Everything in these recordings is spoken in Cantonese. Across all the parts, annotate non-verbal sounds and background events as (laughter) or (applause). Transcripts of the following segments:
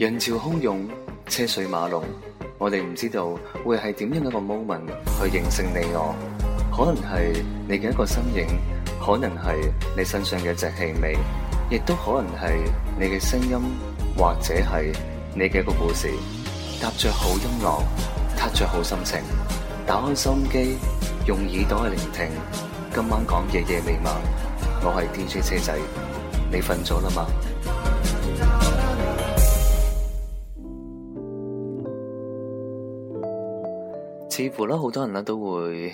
人潮洶湧，車水馬龍，我哋唔知道會係點樣一個 moment 去認識你我，可能係你嘅一個身影，可能係你身上嘅隻氣味，亦都可能係你嘅聲音，或者係你嘅一個故事。踏着好音樂，踏着好心情，打開心機，用耳朵去聆聽。今晚講嘅夜，夜未晚，我係 DJ 車仔，你瞓咗啦嘛？似乎咧，好多人咧都會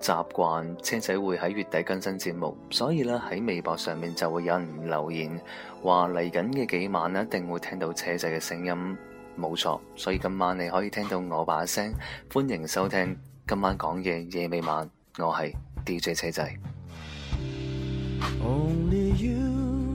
習慣車仔會喺月底更新節目，所以咧喺微博上面就會有人留言話嚟緊嘅幾晚咧，一定會聽到車仔嘅聲音，冇錯。所以今晚你可以聽到我把聲，歡迎收聽今晚講嘢夜未晚，我係 DJ 車仔。Only you,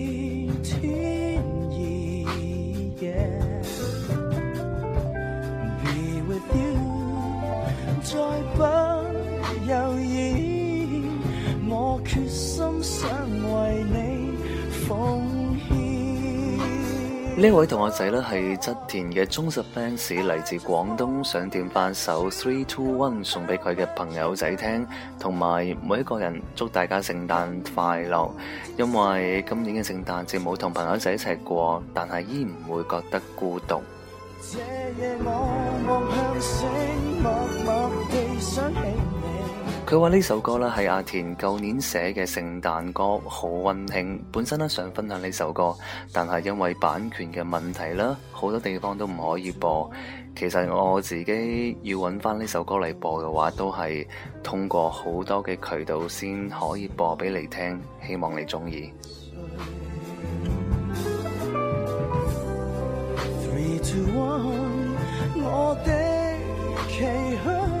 呢位同學仔呢係側田嘅忠實 fans，嚟自廣東，想點翻首 Three Two One 送俾佢嘅朋友仔聽，同埋每一個人祝大家聖誕快樂。因為今年嘅聖誕節冇同朋友仔一齊過，但係依然唔會覺得孤獨。佢話呢首歌咧係阿田舊年寫嘅聖誕歌《好温馨》，本身咧想分享呢首歌，但係因為版權嘅問題啦，好多地方都唔可以播。其實我自己要揾翻呢首歌嚟播嘅話，都係通過好多嘅渠道先可以播俾你聽，希望你中意。 (music)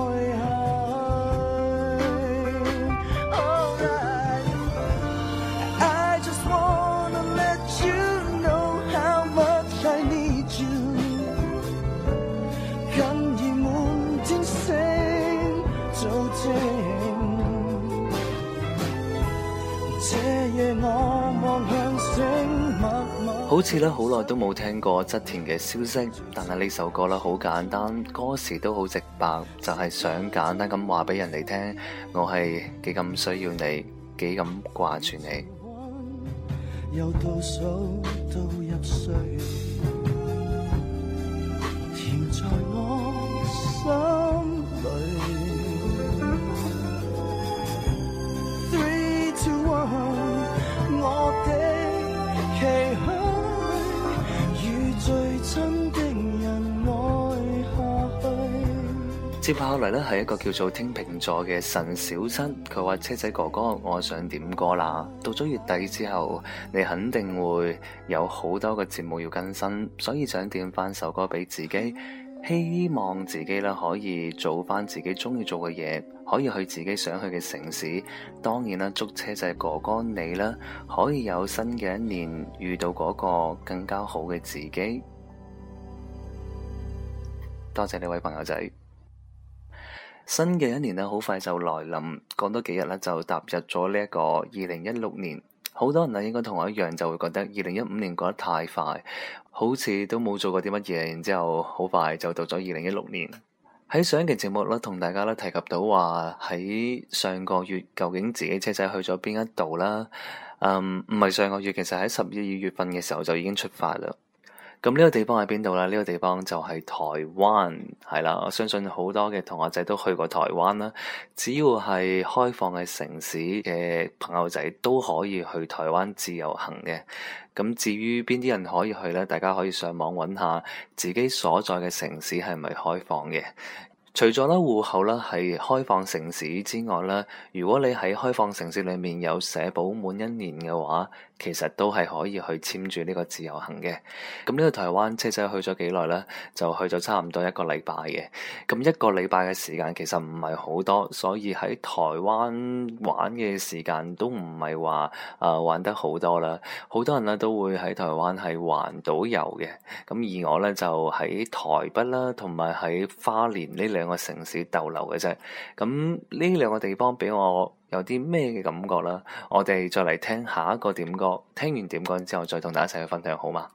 好似咧好耐都冇聽過側田嘅消息，但係呢首歌咧好簡單，歌詞都好直白，就係想簡單咁話俾人哋聽，我係幾咁需要你，幾咁掛住你。在我心接下嚟呢係一個叫做天秤座嘅神小七，佢話車仔哥哥，我想點歌啦。到咗月底之後，你肯定會有好多嘅節目要更新，所以想點翻首歌俾自己，希望自己呢可以做翻自己中意做嘅嘢，可以去自己想去嘅城市。當然啦，祝車仔哥哥,哥你呢可以有新嘅一年，遇到嗰個更加好嘅自己。多謝呢位朋友仔。新嘅一年咧，好快就來臨。過多幾日咧，就踏入咗呢一個二零一六年。好多人咧，應該同我一樣，就會覺得二零一五年過得太快，好似都冇做過啲乜嘢。然之後，好快就到咗二零一六年。喺上一期節目咧，同大家咧提及到話喺上個月究竟自己車仔去咗邊一度啦。嗯，唔係上個月，其實喺十二月份嘅時候就已經出發啦。咁呢個地方喺邊度呢？呢個地方就係台灣，係啦。我相信好多嘅同學仔都去過台灣啦。只要係開放嘅城市嘅朋友仔都可以去台灣自由行嘅。咁至於邊啲人可以去呢？大家可以上網揾下自己所在嘅城市係咪開放嘅。除咗咧戶口咧係開放城市之外咧，如果你喺開放城市裡面有社保滿一年嘅話，其實都係可以去簽住呢個自由行嘅。咁呢個台灣車仔去咗幾耐呢？就去咗差唔多一個禮拜嘅。咁一個禮拜嘅時間其實唔係好多，所以喺台灣玩嘅時間都唔係話啊玩得好多啦。好多人呢都會喺台灣係環島遊嘅。咁而我呢，就喺台北啦，同埋喺花蓮呢兩個城市逗留嘅啫。咁呢兩個地方俾我有啲咩嘅感覺啦？我哋再嚟聽下一個點歌，聽完點歌之後再同大家一齊去分享，好嗎？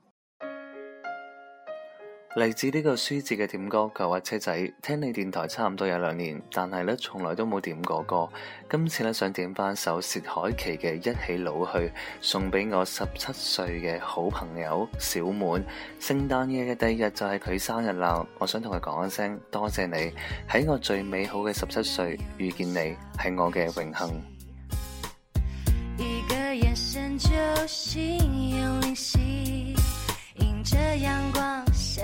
嚟自呢個書字嘅點歌叫我車仔，聽你電台差唔多有兩年，但係咧從來都冇點過歌。今次咧想點返首薛凱琪嘅《一起老去》，送俾我十七歲嘅好朋友小滿。聖誕夜嘅第一日就係佢生日啦，我想同佢講一聲多謝你喺我最美好嘅十七歲遇見你，係我嘅榮幸。一個眼神就心有靈犀，迎著陽光。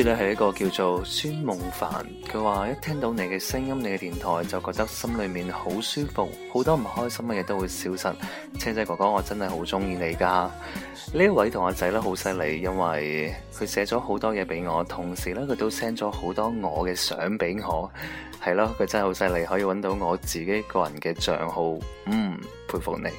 佢咧係一個叫做孫夢凡，佢話一聽到你嘅聲音，你嘅電台就覺得心裏面好舒服，好多唔開心嘅嘢都會消失。青仔哥哥，我真係好中意你噶。呢一位同阿仔咧好犀利，因為佢寫咗好多嘢俾我，同時咧佢都 send 咗好多我嘅相俾我，係咯，佢真係好犀利，可以揾到我自己個人嘅賬號，嗯，佩服你。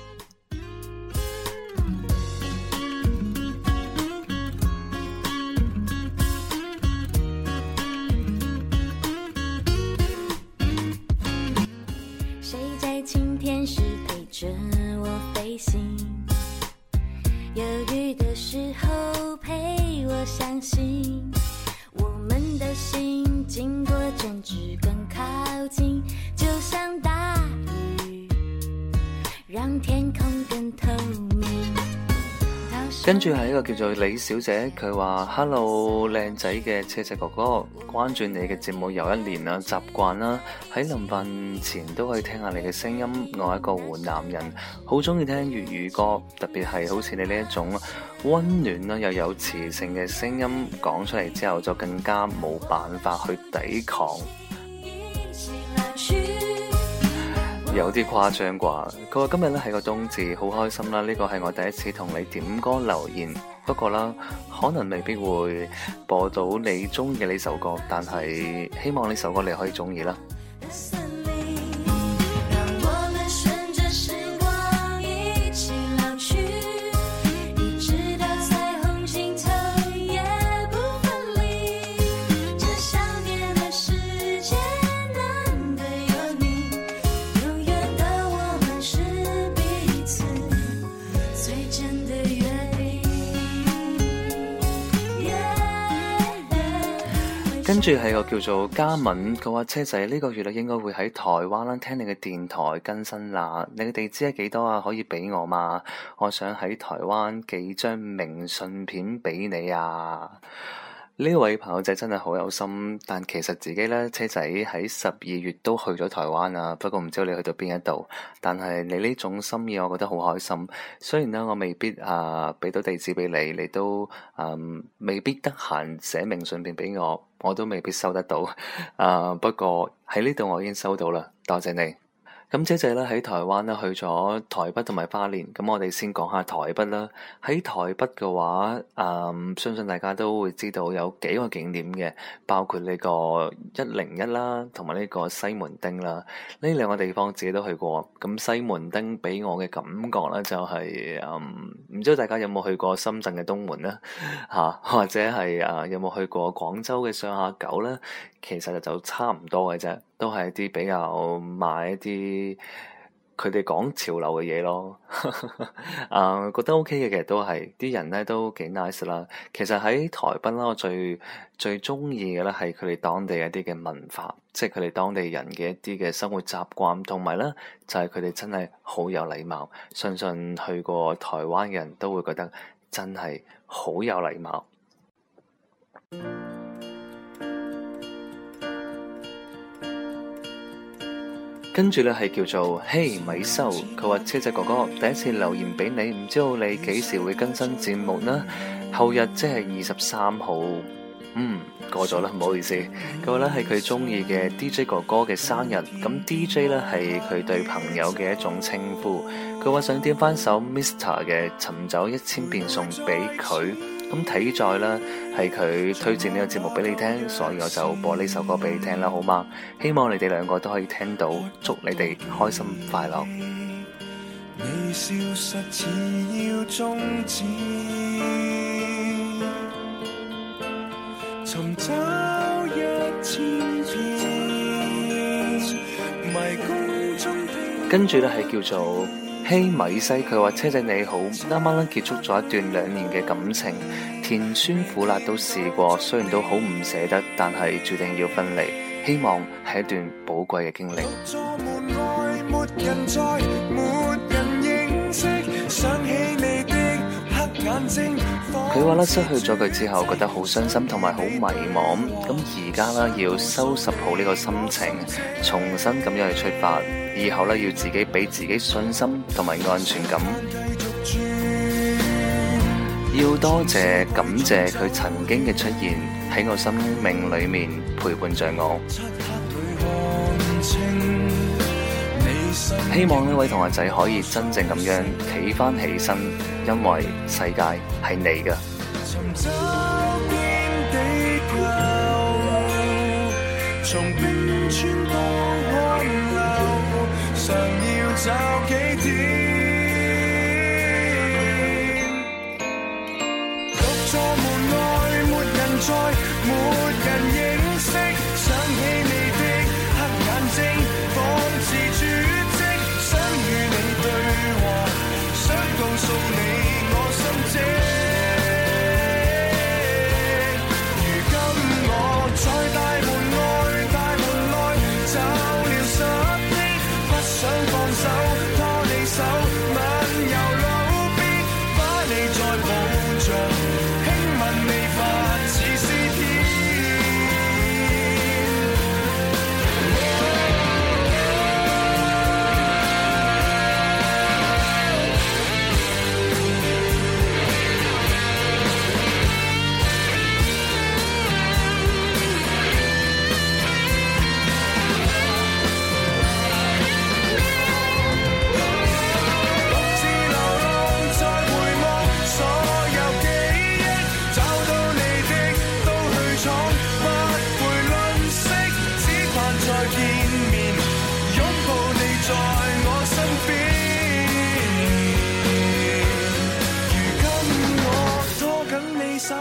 跟住係一個叫做李小姐，佢話：Hello，靚仔嘅車仔哥哥，關注你嘅節目有一年啦，習慣啦，喺臨瞓前都可以聽下你嘅聲音。我係一個湖南人，好中意聽粵語歌，特別係好似你呢一種温暖啦又有磁性嘅聲音講出嚟之後，就更加冇辦法去抵抗。有啲誇張啩，佢話今日咧係個冬至，好開心啦！呢個係我第一次同你點歌留言，不過啦，可能未必會播到你中意嘅呢首歌，但係希望呢首歌你可以中意啦。跟住係個叫做嘉敏，佢話車仔呢個月咧應該會喺台灣啦，聽你嘅電台更新啦，你嘅地址係幾多啊？可以畀我嗎？我想喺台灣寄張明信片畀你啊！呢位朋友仔真係好有心，但其實自己咧車仔喺十二月都去咗台灣啊。不過唔知道你去到邊一度，但係你呢種心意，我覺得好開心。雖然咧我未必啊畀、呃、到地址畀你，你都啊、呃、未必得閒寫明信片畀我，我都未必收得到。啊、呃、不過喺呢度我已經收到啦，多謝你。咁姐姐咧喺台灣咧去咗台北同埋花蓮，咁我哋先講下台北啦。喺台北嘅話，嗯，相信大家都會知道有幾個景點嘅，包括呢個一零一啦，同埋呢個西門町啦。呢兩個地方自己都去過。咁西門町畀我嘅感覺咧、就係，就係嗯，唔知道大家有冇去過深圳嘅東門咧？嚇、啊，或者係啊，有冇去過廣州嘅上下九咧？其實就差唔多嘅啫。都係一啲比較賣一啲佢哋講潮流嘅嘢咯、 (laughs) 嗯，啊覺得 OK 嘅其實都係，啲人咧都幾 nice 啦。其實喺台北啦，我最最鍾意嘅咧係佢哋當地一啲嘅文化，即係佢哋當地人嘅一啲嘅生活習慣，同埋咧就係佢哋真係好有禮貌。相信去過台灣嘅人都會覺得真係好有禮貌。跟住咧係叫做嘿、hey，米修，佢話車仔哥哥第一次留言俾你，唔知道你幾時會更新節目呢？後日即係二十三號，嗯，過咗啦，唔好意思。佢話咧係佢中意嘅 DJ 哥哥嘅生日，咁 DJ 咧係佢對朋友嘅一種稱呼。佢話想點翻首 Mr. 嘅《尋找一千遍》送俾佢。咁睇在啦，係佢推薦呢個節目俾你聽，所以我就播呢首歌俾你聽啦，好嗎？希望你哋兩個都可以聽到，祝你哋開心快樂。跟住咧，係叫做。希、hey, 米西佢話車仔你好啱啱結束咗一段兩年嘅感情，甜酸苦辣都試過，雖然都好唔捨得，但係注定要分離，希望係一段寶貴嘅經歷。 (music) 佢話咧，失去咗佢之後，覺得好傷心同埋好迷茫。咁而家呢，要收拾好呢個心情，重新咁樣去出發。以後呢，要自己俾自己信心同埋安全感。要多謝感謝佢曾經嘅出現喺我生命裏面陪伴着我。希望呢位同學仔可以真正咁樣企翻起身。因為世界係你嘅。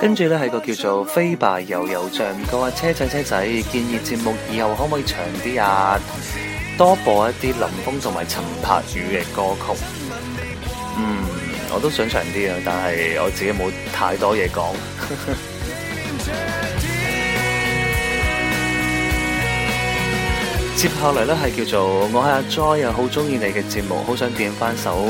跟住咧係個叫做飛白又有長，個阿車仔車仔建議節目以後可唔可以長啲啊？多播一啲林峰同埋陳柏宇嘅歌曲。嗯，我都想長啲啊，但係我自己冇太多嘢講。 (laughs) 接下來咧係叫做我係阿 joy 啊，好中意你嘅節目，好想點翻首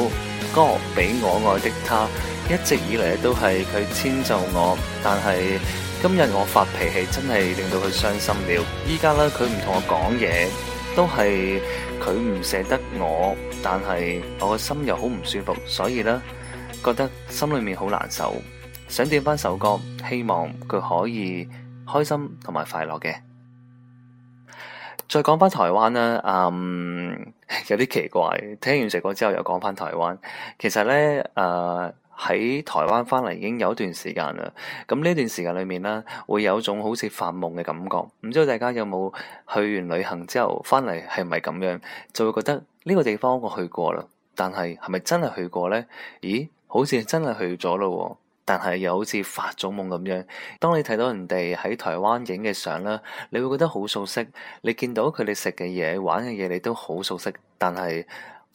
歌俾我愛的他。一直以嚟咧都係佢遷就我，但係今日我發脾氣，真係令到佢傷心了。依家咧佢唔同我講嘢，都係佢唔捨得我，但係我個心又好唔舒服，所以咧覺得心裏面好難受，想點翻首歌，希望佢可以開心同埋快樂嘅。再講翻台灣啦，啊，有啲奇怪，聽完這首歌之後又講翻台灣，其實咧誒。喺台灣翻嚟已經有一段時間啦，咁呢段時間裏面咧，會有種好似發夢嘅感覺。唔知道大家有冇去完旅行之後翻嚟係咪咁樣？就會覺得呢個地方我去過啦，但係係咪真係去過呢？咦，好似真係去咗咯喎，但係又好似發咗夢咁樣。當你睇到人哋喺台灣影嘅相啦，你會覺得好熟悉。你見到佢哋食嘅嘢、玩嘅嘢，你都好熟悉，但係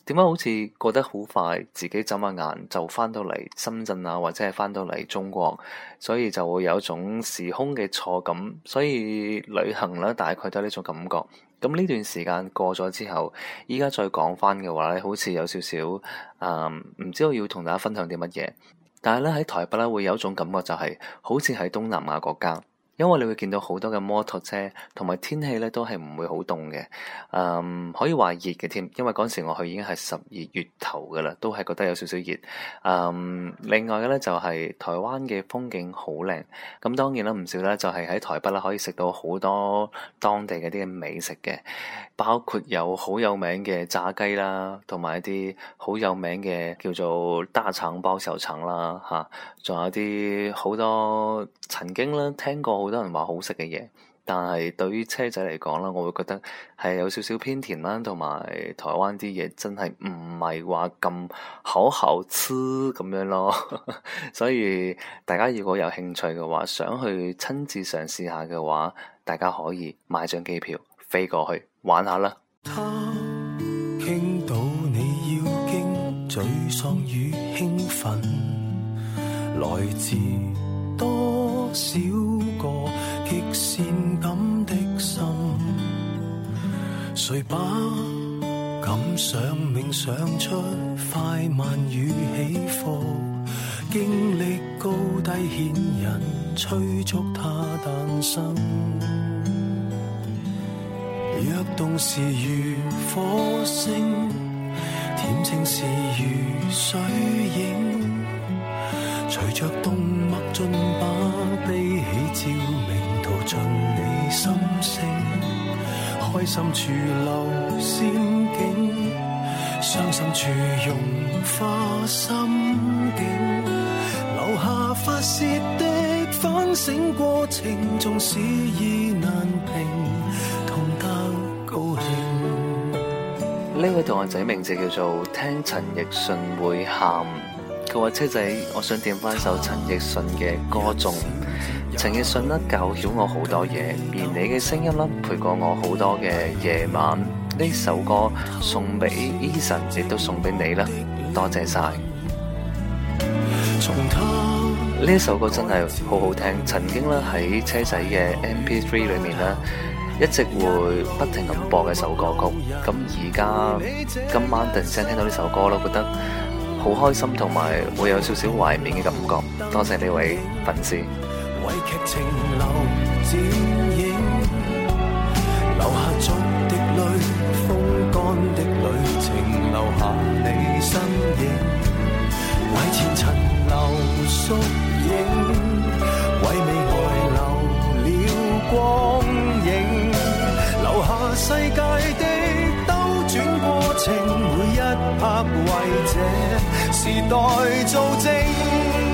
點解好似過得好快，自己眨下眼就翻到嚟深圳啊，或者係翻到嚟中國，所以就會有一種時空嘅錯感。所以旅行咧，大概都係呢種感覺。咁呢段時間過咗之後，依家再講翻嘅話咧，好似有少少啊，嗯、唔知道要同大家分享啲乜嘢。但係咧，喺台北咧，會有一種感覺，就係，就係好似喺東南亞國家。因為你會見到好多嘅摩托車，同埋天氣咧都係唔會好凍嘅，嗯，可以話熱嘅添。因為嗰時我去已經係十二月頭㗎喇，都係覺得有少少熱。嗯，另外嘅咧就係、是、台灣嘅風景好靚，咁、嗯、當然啦，唔少咧就係喺台北啦可以食到好多當地嘅啲美食嘅，包括有好有名嘅炸雞啦，同埋一啲好有名嘅叫做大腸包小腸啦，嚇、啊，仲有啲好多曾經咧聽過。好多人話好食嘅嘢，但係對於車仔嚟講啦，我會覺得係有少少偏甜啦，同埋台灣啲嘢真係唔係話咁口口黐咁樣咯。 (laughs) 所以大家如果有興趣嘅話，想去親自嘗試下嘅話，大家可以買張機票飛過去玩下啦。他傾到你要經沮喪與興奮來自多少。善感的心，誰把感想冥想出快慢與起伏？經歷高低牽引，催促它誕生。躍動時如火星，恬靜時如水影，隨着動脈盡心處仙境，傷心處融化心境。留下發洩的反省過程，縱使意難平，痛得高興。呢位同學仔名字叫做聽陳奕迅會喊，佢話車仔，我想點翻一首陳奕迅嘅歌頌。陳奕迅教曉我好多嘢，而你嘅聲音咧陪過我好多嘅夜晚。呢首歌送俾 Eason，亦都送俾你啦，多謝晒。呢一首歌真係好好聽，曾經咧喺車仔嘅 MP3 裏面咧一直會不停咁播嘅一首歌曲。咁而家今晚突然間聽到呢首歌啦，覺得好開心同埋會有少少懷念嘅感覺。多謝呢位粉絲。為劇情留剪影，留下逐滴淚，風乾的旅程，留下你身影。為前塵留縮影，為未來留了光影，留下世界的兜轉過程，每一拍為這時代做證。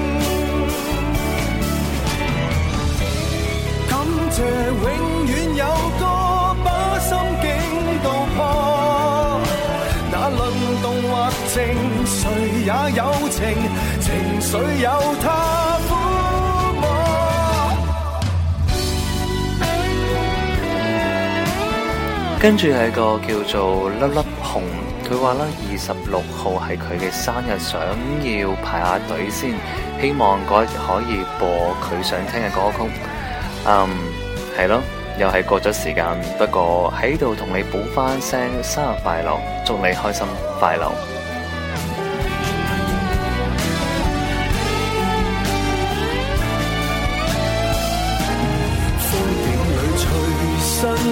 跟住係個叫做粒粒紅，佢話啦二十六號係佢嘅生日，想要排下隊先，希望嗰日可以播佢想聽嘅歌曲。嗯，係咯，又係過咗時間，不過喺度同你補翻聲生日快樂，祝你開心快樂。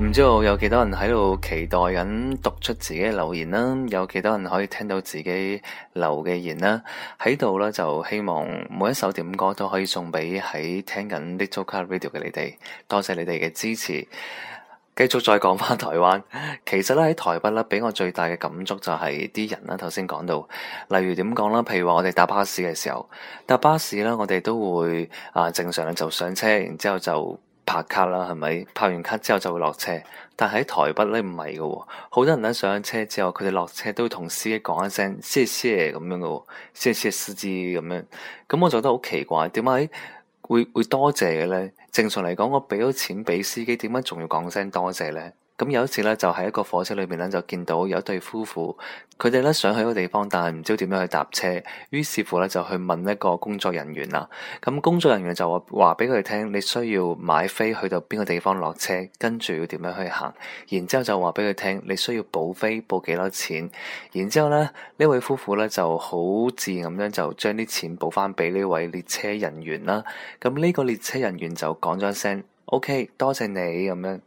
唔知道有幾多人喺度期待緊讀出自己嘅留言啦，有幾多人可以聽到自己留嘅言啦？喺度咧就希望每一首點歌都可以送俾喺聽緊《Little Car Radio》嘅你哋，多謝你哋嘅支持。繼續再講翻台灣，其實咧喺台北咧俾我最大嘅感觸就係啲人啦。頭先講到，例如點講啦？譬如話我哋搭巴士嘅時候，搭巴士咧，我哋都會啊正常就上車，然之後就。拍卡啦，係咪？拍完卡之後就會落車，但喺台北咧唔係嘅喎，好多人咧上車之後，佢哋落車都會同司機講一聲，謝謝咁樣嘅喎，謝謝司機咁樣。咁我就覺得好奇怪，點解會、會、會多謝嘅咧？正常嚟講，我俾咗錢俾司機，點解仲要講聲多謝咧？咁有一次咧，就喺一個火車裏面咧，就見到有一對夫婦，佢哋咧想去一個地方，但係唔知點樣去搭車，於是乎咧就去問一個工作人員啦。咁工作人員就話：，話俾佢聽，你需要買飛去到邊個地方落車，跟住要點樣去行。然之後就話俾佢聽，你需要補飛，補幾多錢。然之後咧，呢位夫婦咧就好自然咁樣就將啲錢補翻俾呢位列車人員啦。咁呢個列車人員就講咗聲：，OK，多謝你咁樣。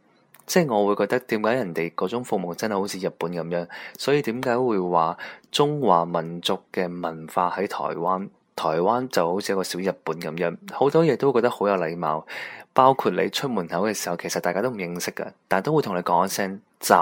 即係我會覺得點解人哋嗰種服務真係好似日本咁樣，所以點解會話中華民族嘅文化喺台灣，台灣就好似一個小日本咁樣，好多嘢都覺得好有禮貌，包括你出門口嘅時候，其實大家都唔認識㗎，但係都會同你講聲「走」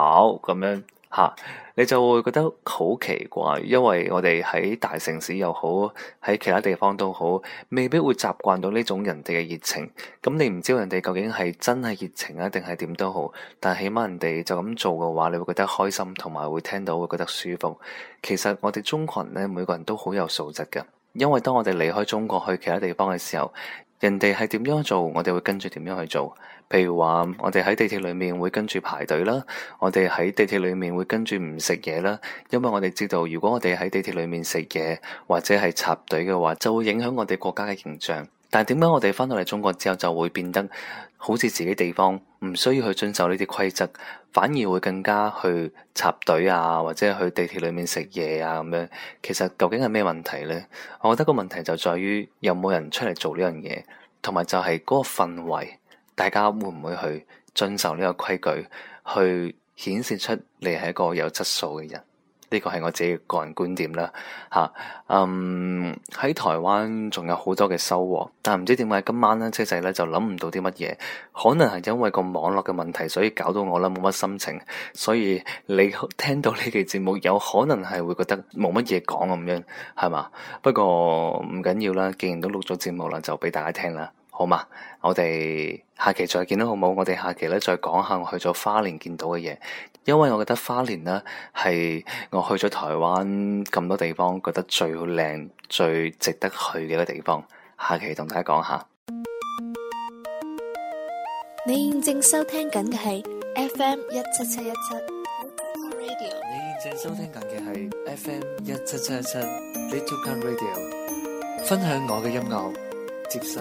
咁樣。嚇！Ha, 你就會覺得好奇怪，因為我哋喺大城市又好，喺其他地方都好，未必會習慣到呢種人哋嘅熱情。咁你唔知人哋究竟係真係熱情啊，定係點都好。但起碼人哋就咁做嘅話，你會覺得開心，同埋會聽到會覺得舒服。其實我哋中國人呢，每個人都好有素質㗎，因為當我哋離開中國去其他地方嘅時候，人哋係點樣做，我哋會跟住點樣去做。譬如話，我哋喺地鐵裏面會跟住排隊啦；我哋喺地鐵裏面會跟住唔食嘢啦，因為我哋知道，如果我哋喺地鐵裏面食嘢或者係插隊嘅話，就會影響我哋國家嘅形象。但係點解我哋翻到嚟中國之後就會變得好似自己地方唔需要去遵守呢啲規則，反而會更加去插隊啊，或者去地鐵裏面食嘢啊咁樣？其實究竟係咩問題呢？我覺得個問題就在於有冇人出嚟做呢樣嘢，同埋就係嗰個氛圍。大家會唔會去遵守呢個規矩，去顯示出你係一個有質素嘅人？呢個係我自己個人觀點啦。嚇、啊，嗯，喺台灣仲有好多嘅收穫，但係唔知點解今晚咧，車仔咧就諗唔到啲乜嘢，可能係因為個網絡嘅問題，所以搞到我啦冇乜心情。所以你聽到呢期節目，有可能係會覺得冇乜嘢講咁樣，係嘛？不過唔緊要啦，既然都錄咗節目啦，就俾大家聽啦。好嘛，我哋下期再見啦，好唔好？我哋下期咧再講下我去咗花蓮見到嘅嘢，因為我覺得花蓮呢，係我去咗台灣咁多地方覺得最靚、最值得去嘅一個地方。下期同大家講下。你現正收聽緊嘅係 FM 一七七一七。你現正收聽緊嘅係 FM 一七七一七。17 17 Radio, 分享我嘅音樂，接收。